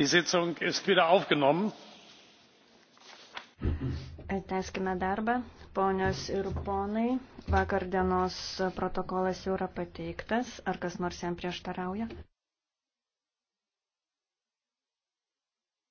die sitzung ist wieder aufgenommen. tęskime darbą ponios ir ponai vakar dienos protokolas jau yra pateiktas ar kas nors jam prieštarauja?